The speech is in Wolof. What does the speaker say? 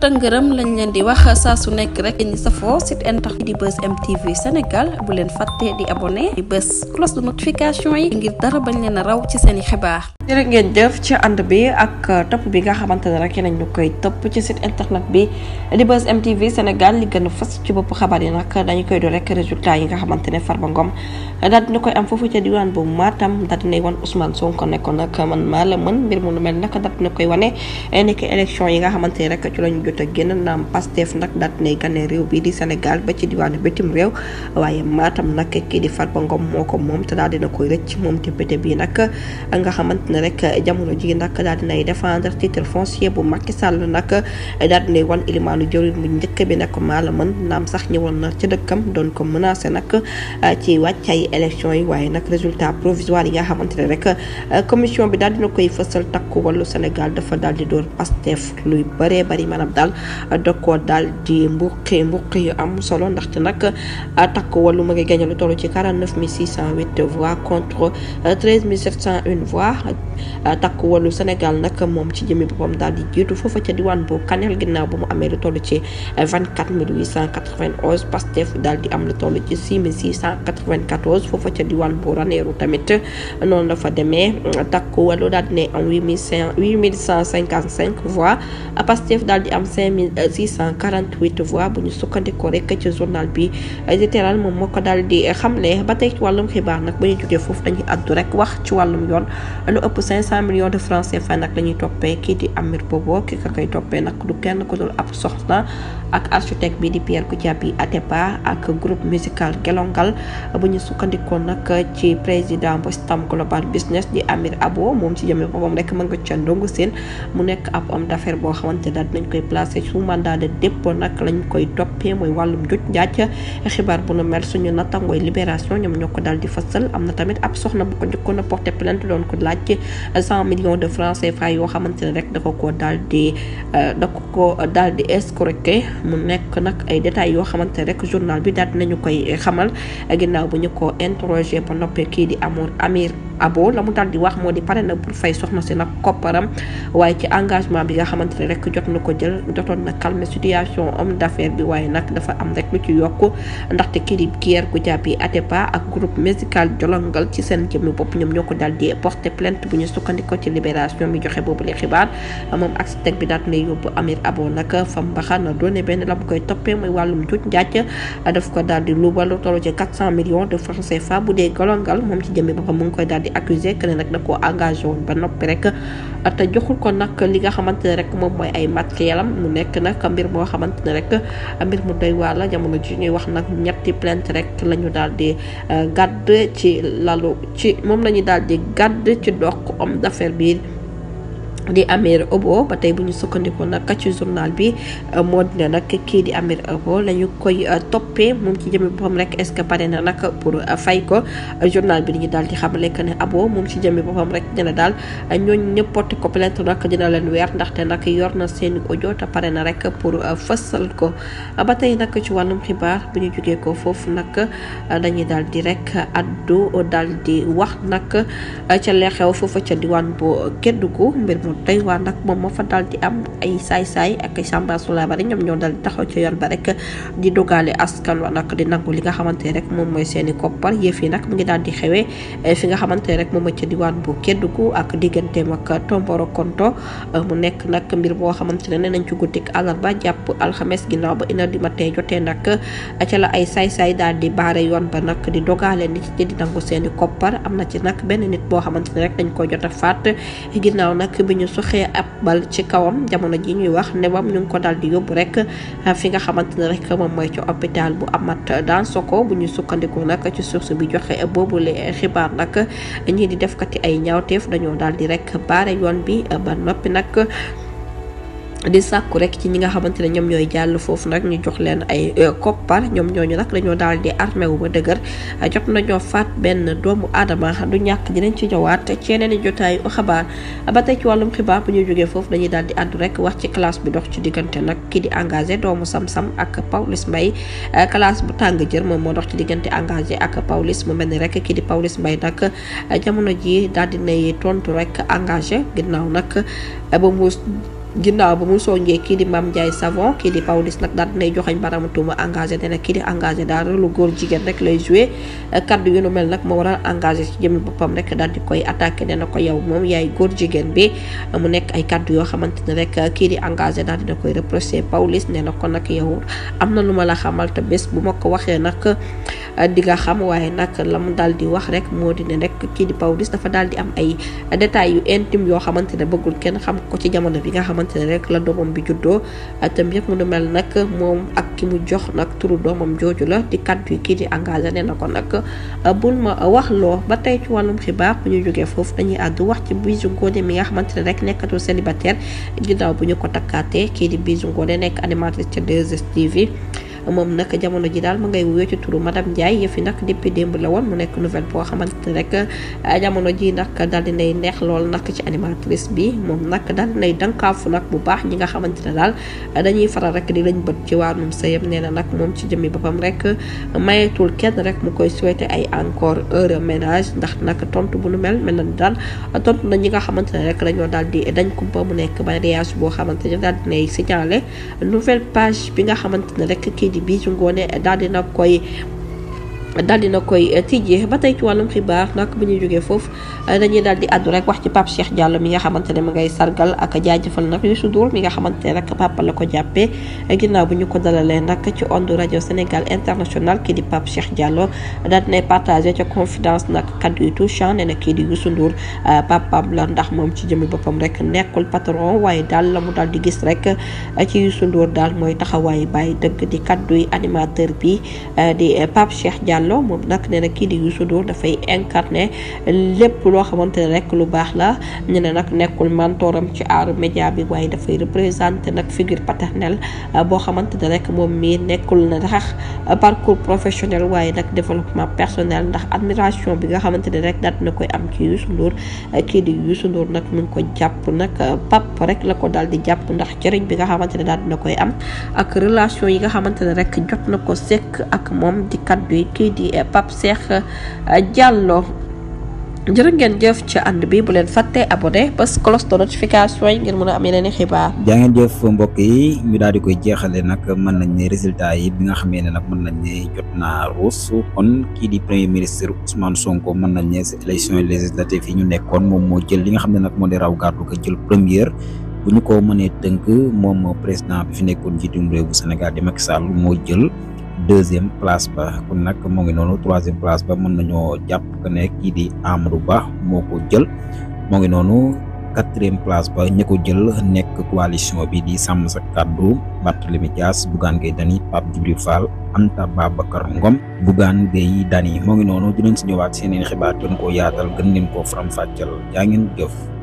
tëngërëm lañ leen di wax saa su nekk rek ñu safoo site internet di bës MTV Sénégal bu leen fàtte di abonné di bës cloche yi ngir dara bañ leen a raw ci seen i xibaar. jërë ngeen jëf ci ànd bi ak topp bi nga xamante ne rek nañ ñu koy topp ci site internet bi di bës MTV Sénégal li gën a fës ci bopp xabaar yi nag dañu koy doon rek résultat yi nga xamante ne Farba Ngom daal dina koy am foofu ca diwaan bu Matam daal dina wan Ousmane Sonko nekkoon nag man maa la mën mbir mu nu mel nag daal dina koy wane eh, nekk élection yi nga xamante rek ci lañ jot a génn naam Pastef nag daat ne gane réew bi di Sénégal ba ci diwaanu bitim réew waaye Matam nag kii di Farba Ngom moo ko moom te daal dina koy rëcc moom député bii nag nga xamante ne rek jamono ji nag daal dinay défendre titre foncier bu Macky Sall nag daal dinay wan ilimaanu jëriñ bu njëkk bi nag maa la mën naam sax ñëwoon na ci dëkkam doon ko menacé nag ci wàccaay élection yi waaye nag résultat provisoire yi nga xamante rek commission bi daal dina koy fësal takku wàllu Sénégal dafa daal di door Pastef luy bëree bëri maanaam daal da koo mouké di mbuqi mbuqi yu am solo ndaxte nag ah, takk wàllu ma gagné lu toll ci 49 608 voix contre 13 ah, 701 voix ah, takk wàllu Sénégal nag moom ci jëmi boppam daal di jiitu foofa ca diwaan bu Kanel ginnaaw bu mu amee lu toll ci 24 891 Pastef daal di am lu toll ci 6 694 foofa ca diwaan bu Ranérou tamit noonu la fa demee takk wàllu daal di ne am 8 155 voix Pastef daal di am. cinq mille six cent quarante huit voix bu ñu sukkandikoo rek ci journal bi littéral moom moo ko daal di xamle ba tey ci wàllum xibaar nag ba ñu jógee foofu dañuy addu rek wax ci wàllum yoon lu ëpp cinq cent de francs fan nag la ñuy toppee kii di Amir Bobo ki ka koy toppee nag du kenn ko dul ab soxna. ak architecte bi di Pierre Goudiaby Atepa ak groupe musical Gelongal bu ñu sukkandikoo nag ci président bu Stam Global Business di Amir Abo moom ci jëmee boppam rek ma nga ca ndongo seen mu nekk ab homme boo xamante ne dinañ koy placé sous mandat de dépôt nag lañ koy toppee mooy wàllum juj njaaj xibaar bu nu mel suñu nattangooy libération ñoom ñoo ko daal di fësal am na tamit ab soxna bu ko njëkkoon a porté plainte doon ko laaj ci cent millions de francs CFA yoo xamante ne rek da ko koo daal di euh, da ko daal di escroquer mu nekk nag ay détails yoo xamante rek journal bi daat nañu koy xamal ginnaaw bu ñu ko interroger ba noppee kii di amour Amir abo la mu di wax modi paré na pour fay soxna ci nak koparam waaye ci engagement bi nga xamanteni rek jot na ko jël jotone na calmer situation homme d'affaires bi waaye nak dafa am rek lu ci ndax te kirib kier jappi até pas ak groupe musical jolongal ci sen jëmmi bopp ñoom ñoo ko porter plainte bu ñu sukkandiko ci libération mi joxe bobu li xibaar mom ak tek bi dat ne yobbu amir abo nag fa mbaxana doone ben la koy topé muy walum juuj njàcc daf ko daldi lu luubal tolo ci 400 millions de francs CFA bu dé golongal mom ci jëmmi boppam mu ngi koy daldi ci accusé que ne nag da koo engagé woon ba noppi rek te joxul ko nag li nga xamante ne rek moom mooy ay matérielam mu nekk nag mbir moo xamante ne rek mbir mu doy waar jamono ji ñuy wax nag ñetti plainte rek la ñu daal di euh, gàdd ci lalu ci moom la ñu daal di gàdd ci dokk homme d'affaires bii di Amir Obo ba tey bu ñu sukkandikoo nag ci journal bi euh, moo dina nag kii di Amir Obo la ñu koy euh, toppee moom ci jëmmi boppam rek est ce que pare na nag pour euh, fay ko journal bi dañu daal di xamale que ne Abo moom ci jëmmi boppam rek dina daal ñooñ ñëpp porté ko plainte nag dina leen weer ndaxte nag yor na seen audio pare na rek pour fësal ko ba tey nag ci wàllum xibaar bu ñu jógee ko foofu nag dañuy daal di rek addu daal di wax nag ca la xew ca diwaan bu Kédougou mbir xotay waa nag moom moo fa dal di am ay saay-saay ak ay sambasula bari ñoom ñoo dal di taxaw ci yoon ba rek di dogaale askan wa nag di nangu li nga xamante rek moom mooy seeni koppar yëf yi nag mu ngi daal di xewee fi nga xamante rek moom ca diwaan bu keddugu ak digganteem ak tomboro konto mu nekk nag mbir boo xamante ne nañ ci guddik àllarba jàpp alxames ginnaaw ba une heure du matin jotee nag la ay saay-saay daal di baare yoon ba nag di dogaale nit ñi di nangu seeni koppar am na ci nag benn nit boo xamante ne rek dañ ko jot a faat ginnaaw nag bi suxee ab bal ci kawam jamono ji ñuy wax newam ñu ngi ko dal di yóbbu rek fi nga xamante ne rek moom mooy ci hôpital bu Amath soko bu ñu sukkandiku nag ci source bi joxe boobule xibaar nag ñii di defkati ay ñaawteef dañoo daal di rek baare yoon bi ba noppi nag. di sàkku rek ci ñi nga xamante ne ñoom ñooy jàll foofu nag ñu jox leen ay euh, koppar ñoom ñooñu nag dañoo daal di armé wu ba dëgër jot nañoo faat benn doomu aadama du ñàkk dinañ ci ñëwaat ci yeneen jotaayu xabaar ba tey ci wàllum xibaar bu ñuy jógee foofu dañuy daal di àddu rek wax ci classe bu dox ci diggante nag kii di engagé doomu sam-sam ak Pawlish mbay euh, classe bu tàng jër moom moo dox ci diggante engagé ak Pawlish mu mel ni rek kii di Pawlish mbay nag jamono ji daal di nay tontu rek engagé ginnaaw nag ba ginnaaw ba mu soññee kii di Mame Ndiaye Savon kii di Pawlish nag daal dinay joxañ baram tuuma engagé ne kii di engagé daal lu góor jigéen rek lay joué kaddu yu nu mel nag moo waral engagé ci jëmmi boppam rek daal di koy attaqué ne na ko yow moom yaay góor jigéen bi mu nekk ay kaddu yoo xamante ne rek kii di engagé daal dina koy reproché Pawlish ne na ko nag yow am na lu ma la xamal bés bu ma ko waxee nag Euh, di nga xam waaye nag la mu daal di wax rek moo di ne rek kii di Pawlish dafa daal di am ay détails yu intime yoo xamante ne bëggul kenn xam ko ci jamono bi nga xamante ne rek la doomam bi juddoo euh, tam yëpp mu du mel nag moom ak ki mu jox nag turu doomam jooju la di kàddu yi kii di engagé nee na ko nag euh, bul ma wax loo ba tey ci wàllum xibaar bu ñu jógee foofu dañuy àddu wax ci Bijou Ngoné mi nga xamante ne rek nekkatul célibataire ginnaaw bu ñu ko takkaatee kii di Bijou Ngoné nekk animatrice ca 2STV moom nag jamono ji daal ma ngay wuyoo ci turu madame Ndiaye yëf yi nag depuis démb la woon mu nekk nouvelle boo xamante ne rek ah, jamono ji nag daal di nay neex lool nag ci animatrice bi moom nag daal di nay dànkaafu nag bu baax ñi nga xamante ne daal dañuy faral rek di lañ bët ci wàllum sëyam nee na nag moom ci jëmmi boppam rek mayeetul kenn rek mu koy souhaité ay encore heure ménage ndax nag tontu bu nu mel mel na daal tontu na ñi nga xamante ne rek dañoo daal di dañ ko ba mu nekk mariage boo xamante ne daal di nay signalé nouvelle page bi nga xamante rek 底比中国呢大的那可以 dal dina koy eh, tijjee ba tey ci wàllum xibaar nak bu ñu jógee foofu eh, dañuy di addu rek wax ci pap Cheikh Diallo mi nga xamante ne ma ngay sargal ak jaajëfal nak Youssou Ndour mi nga xamante ne rek papa la ko jàppee eh, ginnaaw bu ñu ko dalalee nak ci ondu radio Sénégal international ki di pap Cheikh Diallo dal dinay partager ca confidence nak kaddu yu touchant nee na kii di Youssou Ndour papam la ndax moom ci jëmi boppam rek nekkul patron waaye dal la mu dal di gis rek ci Youssou Ndour dal mooy taxawaay bàyyi dëgg di kaddu yi animateur bi di pap Cheikh Diallo Diallo moom nag nee na kii di Youssou Ndour dafay incarné lépp loo xamante ne rek lu baax la ñu ne nag nekkul mentoram ci aaru média bi waaye dafay représenté nag figure paternelle euh, boo xamante ne rek moom mii nekkul na tax parcours professionnel waaye nag développement personnel ndax admiration bi nga xamante ne rek daat na koy am ci Youssou euh, kii di Youssou nag mu ko jàpp nag euh, pap rek la ko daal di jàpp ndax jëriñ bi nga xamante ne daal dina koy am ak relation yi nga xamante ne rek jot na ko sekk ak moom di kaddu yi di eh, Pape Cheikh eh, Diallo jërë ngeen jëf ci and bi bu leen fàtte abonné ba cloche de notification yi ngeen mën a am yeneen i xibaar jaa ngeen jëf mbokk yi ñu daal di koy jeexale nag mën nañ ne résultat yi bi nga xamee ne nag mën nañ ne jot naa ruus kon kii di premier ministre Ousmane Sonko mën nañ ne si élection législative yi ñu nekkoon moom moo jël li nga xam ne nag moo di raw gàddu ko jël premier bu ñu ko mënee tënk moom président bi fi nekkoon njiitum réew bu Sénégal di Macky Sall moo jël deuxième place ba kon nag moo ngi noonu troisième place ba mën nañoo jàpp que ne kii di Amadou Ba moo ko jël moo ngi noonu quatrième place ba ñi ko jël nekk coalition bi di sàmm sa kàddu Barthélémy Dias Bougane Gueye Dany Pape Djibril Fall Anta Babacar Ngom Bougane Gueye Dany moo ngi noonu dinañ si ñëwaat seen xibaar gën koo yaatal gën leen koo faram-fàcceel jaa ngeen jëf